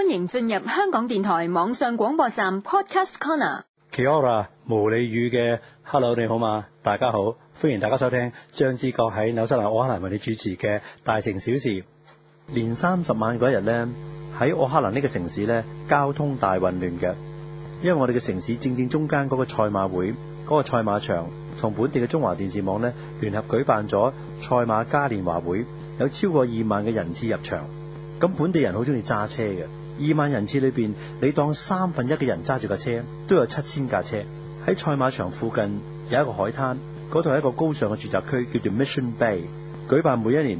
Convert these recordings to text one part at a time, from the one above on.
歡迎進入香港電台網上廣播站 Podcast Corner。Kia ora 毛利語嘅 Hello 你好嗎，大家好，歡迎大家收聽張之玨喺紐西蘭奧克蘭為你主持嘅《大城小事》。年三十晚嗰日呢，喺奧克蘭呢個城市呢，交通大混亂嘅，因為我哋嘅城市正正中間嗰個賽馬會嗰、嗰個賽馬場同本地嘅中華電視網呢，聯合舉辦咗賽馬嘉年華會，有超過二萬嘅人次入場。咁本地人好中意揸車嘅，二萬人次裏面，你當三分一嘅人揸住架車，都有七千架車。喺賽馬場附近有一個海灘，嗰度係一個高尚嘅住宅區，叫做 Mission Bay，舉辦每一年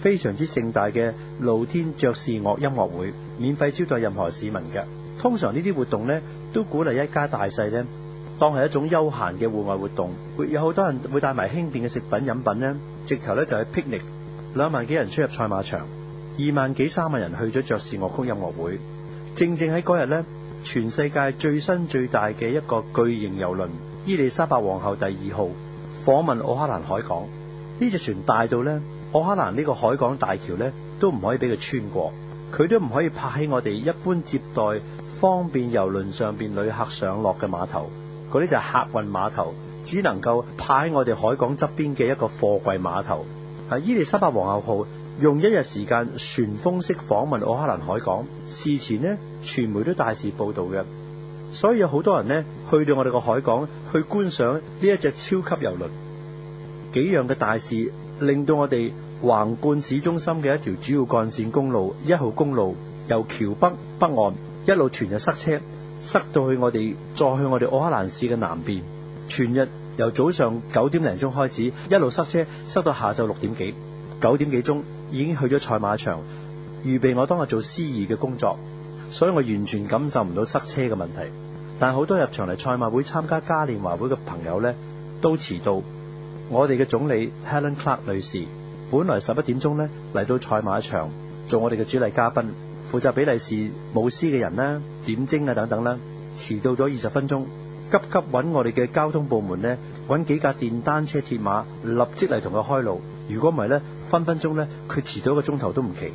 非常之盛大嘅露天爵士樂音樂會，免費招待任何市民嘅。通常呢啲活動呢，都鼓勵一家大細，呢當係一種休閒嘅戶外活動，會有好多人會帶埋輕便嘅食品飲品，呢直頭呢，就去 picnic。兩萬幾人出入賽馬場。二萬幾三萬人去咗爵士樂曲音樂會，正正喺嗰日呢，全世界最新最大嘅一個巨型遊輪伊利沙伯皇后第二號訪問奧克蘭海港。呢隻船大到呢，奧克蘭呢個海港大橋呢都唔可以俾佢穿過，佢都唔可以泊喺我哋一般接待方便遊輪上面旅客上落嘅碼頭。嗰啲就係客運碼頭，只能夠泊喺我哋海港側邊嘅一個貨櫃碼頭。係伊利沙伯皇后號用一日時間旋風式訪問奧克蘭海港，事前呢，傳媒都大肆報導嘅，所以有好多人呢，去到我哋個海港去觀賞呢一隻超級遊輪。幾樣嘅大事令到我哋橫貫市中心嘅一條主要幹線公路一號公路，由橋北北岸一路全日塞車，塞到去我哋再去我哋奧克蘭市嘅南邊全日，由早上九點零鐘開始，一路塞車，塞到下晝六點幾、九點幾鐘，已經去咗賽馬場，預備我當日做司儀嘅工作，所以我完全感受唔到塞車嘅問題。但好多入場嚟賽馬會參加嘉年華會嘅朋友呢，都遲到。我哋嘅總理 Helen Clark 女士，本來十一點鐘呢嚟到賽馬場做我哋嘅主禮嘉賓，負責比利時舞獅嘅人啦、點睛啊等等啦，遲到咗二十分鐘。急急揾我哋嘅交通部門呢，揾幾架電單車、鐵馬立即嚟同佢開路。如果唔係呢，分分鐘呢，佢遲到一個鐘頭都唔奇。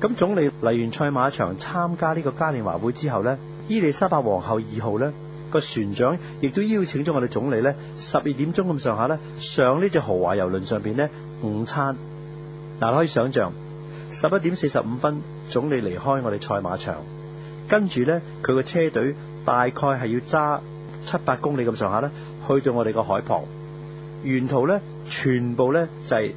咁總理嚟完賽馬場參加呢個嘉年華會之後呢，伊麗莎白皇后二號呢個船長亦都邀請咗我哋總理呢，十二點鐘咁上下呢，上呢隻豪華遊輪上邊呢午餐嗱，可以想象十一點四十五分總理離開我哋賽馬場，跟住呢佢個車隊大概係要揸。七八公里咁上下咧，去到我哋個海旁，沿途咧全部咧就係、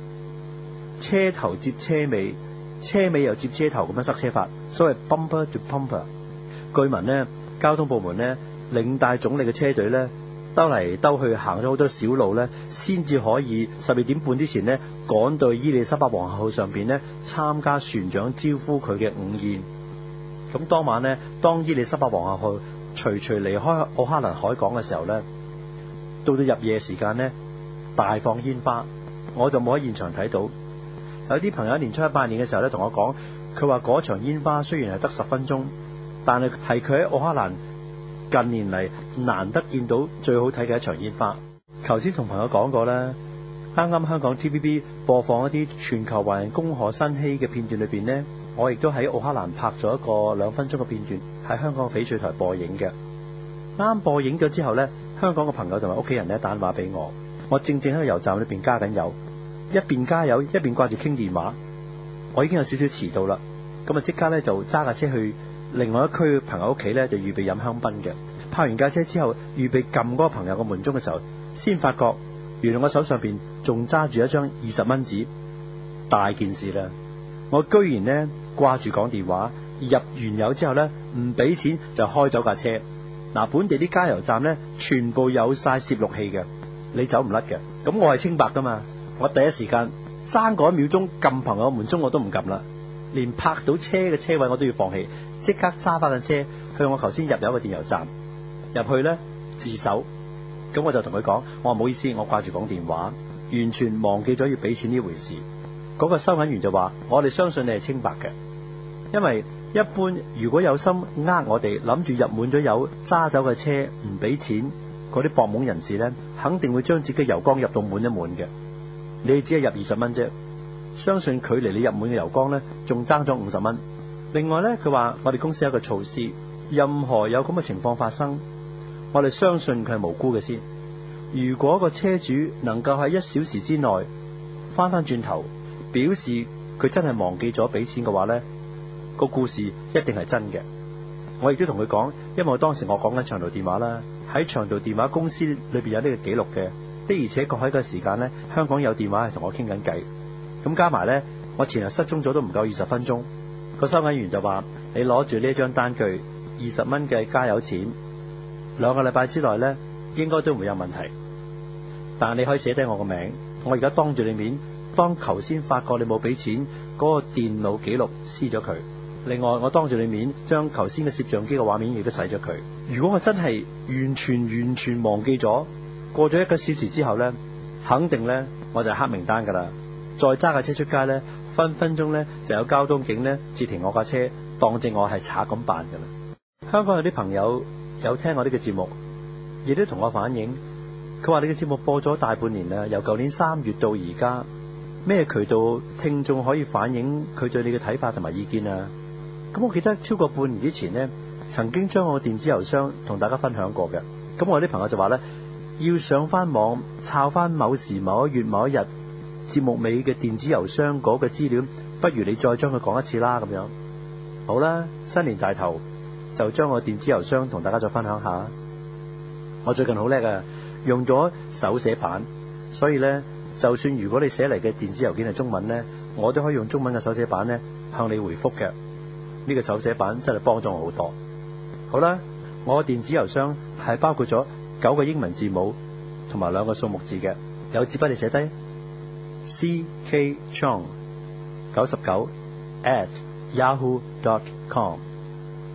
是、車頭接車尾，車尾又接車頭咁樣塞車法，所謂 bumper to bumper。據聞呢，交通部門呢，領帶總理嘅車隊咧兜嚟兜去行咗好多小路咧，先至可以十二點半之前呢，趕到伊利沙伯皇后上面呢，參加船長招呼佢嘅午宴。咁當晚咧，當伊利沙伯王后去徐徐離開奧克蘭海港嘅時候咧，到到入夜時間咧，大放煙花，我就冇喺現場睇到。有啲朋友年初一拜年嘅時候咧，同我講，佢話嗰場煙花雖然係得十分鐘，但係係佢喺奧克蘭近年嚟難得見到最好睇嘅一場煙花。頭先同朋友講過啦。啱啱香港 T.V.B. 播放一啲全球華人恭賀新禧嘅片段裏邊呢，我亦都喺奧克蘭拍咗一個兩分鐘嘅片段，喺香港的翡翠台播映嘅。啱啱播映咗之後呢，香港嘅朋友同埋屋企人咧打電話俾我，我正正喺個油站裏邊加緊油，一邊加油一邊掛住傾電話，我已經有少少遲到啦。咁啊即刻咧就揸架車去另外一區朋友屋企咧，就預備飲香檳嘅。泊完架車之後，預備撳嗰個朋友嘅門鐘嘅時候，先發覺。原來我手上邊仲揸住一張二十蚊紙，大件事啦！我居然呢掛住講電話，入完油之後呢，唔俾錢就開走架車。嗱，本地啲加油站呢，全部有晒攝錄器嘅，你走唔甩嘅。咁我係清白噶嘛。我第一時間爭嗰一秒鐘撳朋友門鐘我都唔撳啦，連拍到車嘅車位我都要放棄，即刻揸翻架車向我頭先入油個電油站入去呢自首。咁我就同佢講，我話唔好意思，我掛住講電話，完全忘記咗要俾錢呢回事。嗰個收銀員就話：我哋相信你係清白嘅，因為一般如果有心呃我哋，諗住入滿咗油揸走嘅車唔俾錢嗰啲博懵人士呢，肯定會將自己油缸入到滿一滿嘅。你只係入二十蚊啫，相信距離你入滿嘅油缸呢，仲爭咗五十蚊。另外呢，佢話我哋公司有個措施，任何有咁嘅情況發生。我哋相信佢係無辜嘅先。如果個車主能夠喺一小時之內翻翻轉頭，表示佢真係忘記咗俾錢嘅話，呢個故事一定係真嘅。我亦都同佢講，因為我當時我講緊長途電話啦，喺長途電話公司裏邊有呢個記錄嘅，的而且確喺個時間咧，香港有電話係同我傾緊偈。咁加埋咧，我前日失蹤咗都唔夠二十分鐘。個收銀員就話：你攞住呢張單據，二十蚊嘅加油錢。兩個禮拜之內咧，應該都唔會有問題。但係你可以寫低我個名，我而家當住你面，當頭先發覺你冇俾錢嗰個電腦記錄撕咗佢。另外，我當住你面將頭先嘅攝像機嘅畫面亦都洗咗佢。如果我真係完全完全忘記咗，過咗一個小時之後咧，肯定咧我就係黑名單㗎啦。再揸架車出街咧，分分鐘咧就有交通警咧截停我架車，當正我係賊咁辦㗎啦。香港有啲朋友，有聽我呢個節目，亦都同我反映，佢話你嘅節目播咗大半年啦，由舊年三月到而家，咩渠道聽眾可以反映佢對你嘅睇法同埋意見啊？咁我記得超過半年之前呢，曾經將我電子郵箱同大家分享過嘅，咁我啲朋友就話呢，要上翻網，抄返某時某一月某一日節目尾嘅電子郵箱嗰個資料，不如你再將佢講一次啦咁樣。好啦，新年大頭。就將我電子郵箱同大家再分享下。我最近好叻啊，用咗手寫板。所以咧，就算如果你寫嚟嘅電子郵件係中文咧，我都可以用中文嘅手寫板咧向你回覆嘅。呢、這個手寫板真係幫助我好多。好啦，我嘅電子郵箱係包括咗九個英文字母同埋兩個數目字嘅。有紙筆你寫低，C K Chong 九十九 at yahoo dot com。